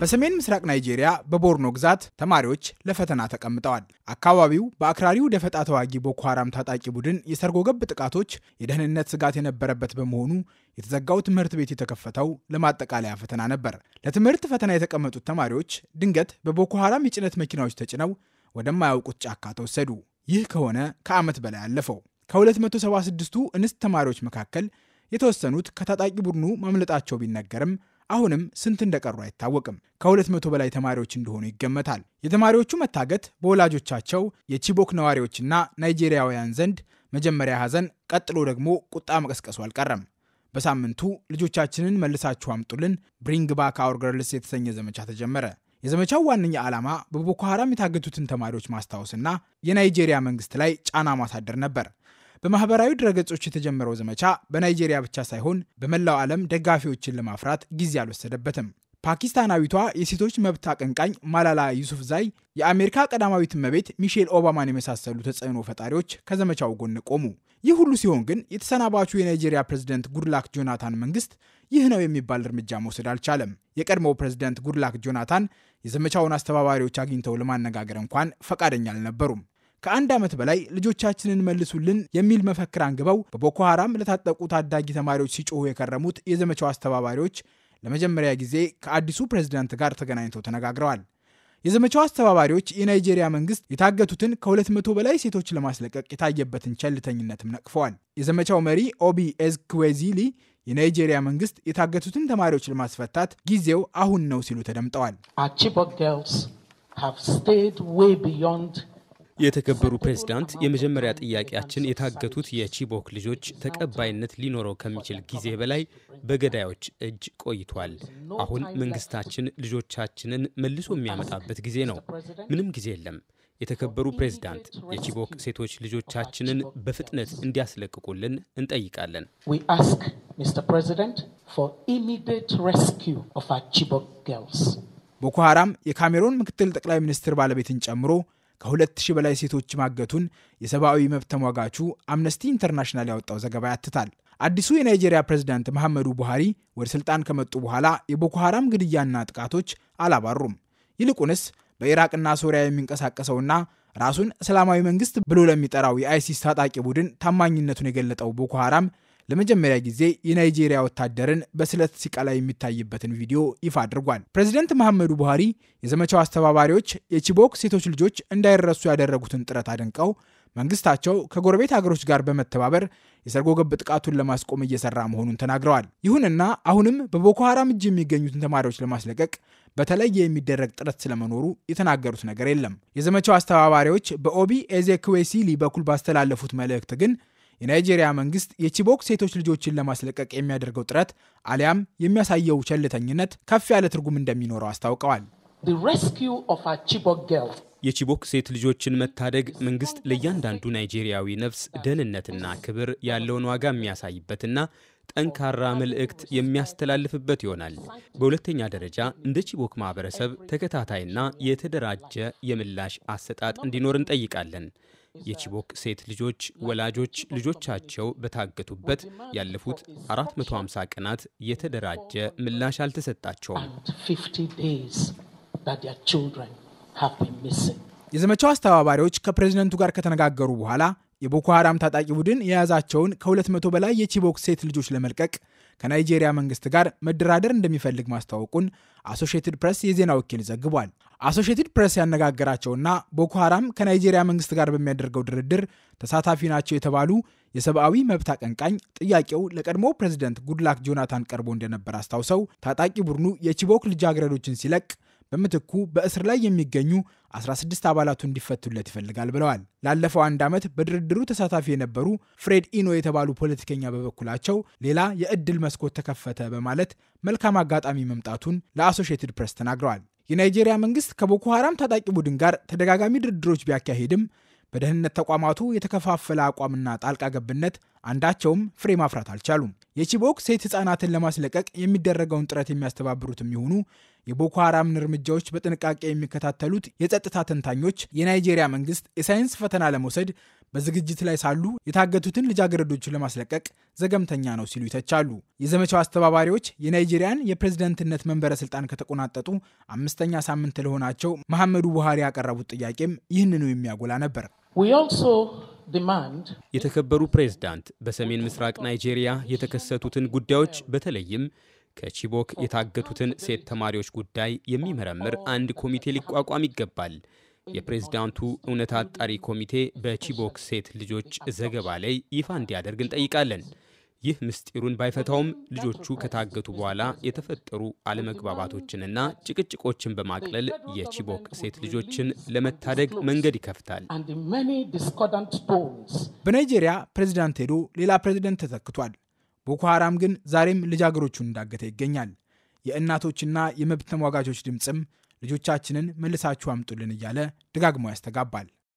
በሰሜን ምስራቅ ናይጄሪያ በቦርኖ ግዛት ተማሪዎች ለፈተና ተቀምጠዋል። አካባቢው በአክራሪው ደፈጣ ተዋጊ ቦኮ ታጣቂ ቡድን የሰርጎ ገብ ጥቃቶች የደህንነት ስጋት የነበረበት በመሆኑ የተዘጋው ትምህርት ቤት የተከፈተው ለማጠቃለያ ፈተና ነበር። ለትምህርት ፈተና የተቀመጡት ተማሪዎች ድንገት በቦኮ የጭነት መኪናዎች ተጭነው ወደማያውቁት ጫካ ተወሰዱ። ይህ ከሆነ ከዓመት በላይ አለፈው። ከ276ቱ እንስት ተማሪዎች መካከል የተወሰኑት ከታጣቂ ቡድኑ መምለጣቸው ቢነገርም አሁንም ስንት እንደቀሩ አይታወቅም። ከሁለት መቶ በላይ ተማሪዎች እንደሆኑ ይገመታል። የተማሪዎቹ መታገት በወላጆቻቸው የቺቦክ ነዋሪዎችና ናይጄሪያውያን ዘንድ መጀመሪያ ሐዘን፣ ቀጥሎ ደግሞ ቁጣ መቀስቀሱ አልቀረም። በሳምንቱ ልጆቻችንን መልሳችሁ አምጡልን ብሪንግ ባክ አወር ገርልስ የተሰኘ ዘመቻ ተጀመረ። የዘመቻው ዋነኛ ዓላማ በቦኮ ሐራም የታገቱትን ተማሪዎች ማስታወስና የናይጄሪያ መንግስት ላይ ጫና ማሳደር ነበር። በማህበራዊ ድረገጾች የተጀመረው ዘመቻ በናይጄሪያ ብቻ ሳይሆን በመላው ዓለም ደጋፊዎችን ለማፍራት ጊዜ አልወሰደበትም። ፓኪስታናዊቷ የሴቶች መብት አቀንቃኝ ማላላ ዩሱፍ ዛይ የአሜሪካ ቀዳማዊት እመቤት ሚሼል ኦባማን የመሳሰሉ ተጽዕኖ ፈጣሪዎች ከዘመቻው ጎን ቆሙ። ይህ ሁሉ ሲሆን ግን የተሰናባቹ የናይጄሪያ ፕሬዝደንት ጉድላክ ጆናታን መንግስት ይህ ነው የሚባል እርምጃ መውሰድ አልቻለም። የቀድሞው ፕሬዝደንት ጉድላክ ጆናታን የዘመቻውን አስተባባሪዎች አግኝተው ለማነጋገር እንኳን ፈቃደኛ አልነበሩም። ከአንድ ዓመት በላይ ልጆቻችንን መልሱልን የሚል መፈክር አንግበው በቦኮ ሐራም ለታጠቁ ታዳጊ ተማሪዎች ሲጮሁ የከረሙት የዘመቻው አስተባባሪዎች ለመጀመሪያ ጊዜ ከአዲሱ ፕሬዝዳንት ጋር ተገናኝተው ተነጋግረዋል። የዘመቻው አስተባባሪዎች የናይጄሪያ መንግስት የታገቱትን ከ200 በላይ ሴቶች ለማስለቀቅ የታየበትን ቸልተኝነትም ነቅፈዋል። የዘመቻው መሪ ኦቢ ኤዝክዌዚሊ የናይጄሪያ መንግስት የታገቱትን ተማሪዎች ለማስፈታት ጊዜው አሁን ነው ሲሉ ተደምጠዋል። የተከበሩ ፕሬዝዳንት፣ የመጀመሪያ ጥያቄያችን የታገቱት የቺቦክ ልጆች ተቀባይነት ሊኖረው ከሚችል ጊዜ በላይ በገዳዮች እጅ ቆይቷል። አሁን መንግስታችን ልጆቻችንን መልሶ የሚያመጣበት ጊዜ ነው። ምንም ጊዜ የለም። የተከበሩ ፕሬዝዳንት፣ የቺቦክ ሴቶች ልጆቻችንን በፍጥነት እንዲያስለቅቁልን እንጠይቃለን። ቦኮ ሐራም የካሜሩን ምክትል ጠቅላይ ሚኒስትር ባለቤትን ጨምሮ ከሁለት ሺህ በላይ ሴቶች ማገቱን የሰብአዊ መብት ተሟጋቹ አምነስቲ ኢንተርናሽናል ያወጣው ዘገባ ያትታል። አዲሱ የናይጄሪያ ፕሬዝዳንት መሐመዱ ቡሃሪ ወደ ስልጣን ከመጡ በኋላ የቦኮ ሐራም ግድያና ጥቃቶች አላባሩም። ይልቁንስ በኢራቅና ሶሪያ የሚንቀሳቀሰውና ራሱን እስላማዊ መንግስት ብሎ ለሚጠራው የአይሲስ ታጣቂ ቡድን ታማኝነቱን የገለጠው ቦኮ ሐራም ለመጀመሪያ ጊዜ የናይጄሪያ ወታደርን በስለት ሲቀላ የሚታይበትን ቪዲዮ ይፋ አድርጓል። ፕሬዚደንት መሐመዱ ቡሃሪ የዘመቻው አስተባባሪዎች የቺቦክ ሴቶች ልጆች እንዳይረሱ ያደረጉትን ጥረት አድንቀው መንግስታቸው ከጎረቤት አገሮች ጋር በመተባበር የሰርጎ ገብ ጥቃቱን ለማስቆም እየሰራ መሆኑን ተናግረዋል። ይሁንና አሁንም በቦኮ ሀራም እጅ የሚገኙትን ተማሪዎች ለማስለቀቅ በተለየ የሚደረግ ጥረት ስለመኖሩ የተናገሩት ነገር የለም። የዘመቻው አስተባባሪዎች በኦቢ ኤዜክዌሲሊ በኩል ባስተላለፉት መልእክት ግን የናይጄሪያ መንግስት የቺቦክ ሴቶች ልጆችን ለማስለቀቅ የሚያደርገው ጥረት አሊያም የሚያሳየው ቸልተኝነት ከፍ ያለ ትርጉም እንደሚኖረው አስታውቀዋል። የቺቦክ ሴት ልጆችን መታደግ መንግስት ለእያንዳንዱ ናይጄሪያዊ ነፍስ ደህንነትና ክብር ያለውን ዋጋ የሚያሳይበትና ጠንካራ መልእክት የሚያስተላልፍበት ይሆናል። በሁለተኛ ደረጃ እንደ ቺቦክ ማህበረሰብ ተከታታይና የተደራጀ የምላሽ አሰጣጥ እንዲኖር እንጠይቃለን። የቺቦክ ሴት ልጆች ወላጆች ልጆቻቸው በታገቱበት ያለፉት 450 ቀናት የተደራጀ ምላሽ አልተሰጣቸውም። የዘመቻው አስተባባሪዎች ከፕሬዝደንቱ ጋር ከተነጋገሩ በኋላ የቦኮ ሀራም ታጣቂ ቡድን የያዛቸውን ከ200 በላይ የቺቦክ ሴት ልጆች ለመልቀቅ ከናይጄሪያ መንግስት ጋር መደራደር እንደሚፈልግ ማስታወቁን አሶሽትድ ፕሬስ የዜና ወኪል ዘግቧል። አሶሽትድ ፕሬስ ያነጋገራቸውና ቦኮ ሐራም ከናይጄሪያ መንግስት ጋር በሚያደርገው ድርድር ተሳታፊ ናቸው የተባሉ የሰብአዊ መብት አቀንቃኝ ጥያቄው ለቀድሞ ፕሬዚደንት ጉድላክ ጆናታን ቀርቦ እንደነበር አስታውሰው ታጣቂ ቡድኑ የቺቦክ ልጃገረዶችን ሲለቅ በምትኩ በእስር ላይ የሚገኙ 16 አባላቱ እንዲፈቱለት ይፈልጋል ብለዋል። ላለፈው አንድ ዓመት በድርድሩ ተሳታፊ የነበሩ ፍሬድ ኢኖ የተባሉ ፖለቲከኛ በበኩላቸው ሌላ የእድል መስኮት ተከፈተ በማለት መልካም አጋጣሚ መምጣቱን ለአሶሽየትድ ፕሬስ ተናግረዋል። የናይጄሪያ መንግስት ከቦኮ ታጣቂ ቡድን ጋር ተደጋጋሚ ድርድሮች ቢያካሂድም በደህንነት ተቋማቱ የተከፋፈለ አቋምና ጣልቃ ገብነት አንዳቸውም ፍሬ ማፍራት አልቻሉም። የቺቦክ ሴት ህጻናትን ለማስለቀቅ የሚደረገውን ጥረት የሚያስተባብሩትም የሆኑ የቦኮ ሐራምን እርምጃዎች በጥንቃቄ የሚከታተሉት የጸጥታ ተንታኞች የናይጄሪያ መንግስት የሳይንስ ፈተና ለመውሰድ በዝግጅት ላይ ሳሉ የታገቱትን ልጃገረዶችን ለማስለቀቅ ዘገምተኛ ነው ሲሉ ይተቻሉ። የዘመቻው አስተባባሪዎች የናይጄሪያን የፕሬዝደንትነት መንበረ ስልጣን ከተቆናጠጡ አምስተኛ ሳምንት ለሆናቸው መሐመዱ ቡሃሪ ያቀረቡት ጥያቄም ይህንኑ የሚያጎላ ነበር። የተከበሩ ፕሬዝዳንት በሰሜን ምስራቅ ናይጄሪያ የተከሰቱትን ጉዳዮች በተለይም ከቺቦክ የታገቱትን ሴት ተማሪዎች ጉዳይ የሚመረምር አንድ ኮሚቴ ሊቋቋም ይገባል። የፕሬዝዳንቱ እውነት አጣሪ ኮሚቴ በቺቦክ ሴት ልጆች ዘገባ ላይ ይፋ እንዲያደርግ እንጠይቃለን። ይህ ምስጢሩን ባይፈታውም ልጆቹ ከታገቱ በኋላ የተፈጠሩ አለመግባባቶችንና ጭቅጭቆችን በማቅለል የቺቦክ ሴት ልጆችን ለመታደግ መንገድ ይከፍታል። በናይጄሪያ ፕሬዚዳንት ሄዶ ሌላ ፕሬዚደንት ተተክቷል። ቦኮ ሃራም ግን ዛሬም ልጃገሮቹን እንዳገተ ይገኛል። የእናቶችና የመብት ተሟጋቾች ድምፅም ልጆቻችንን መልሳችሁ አምጡልን እያለ ደጋግሞ ያስተጋባል።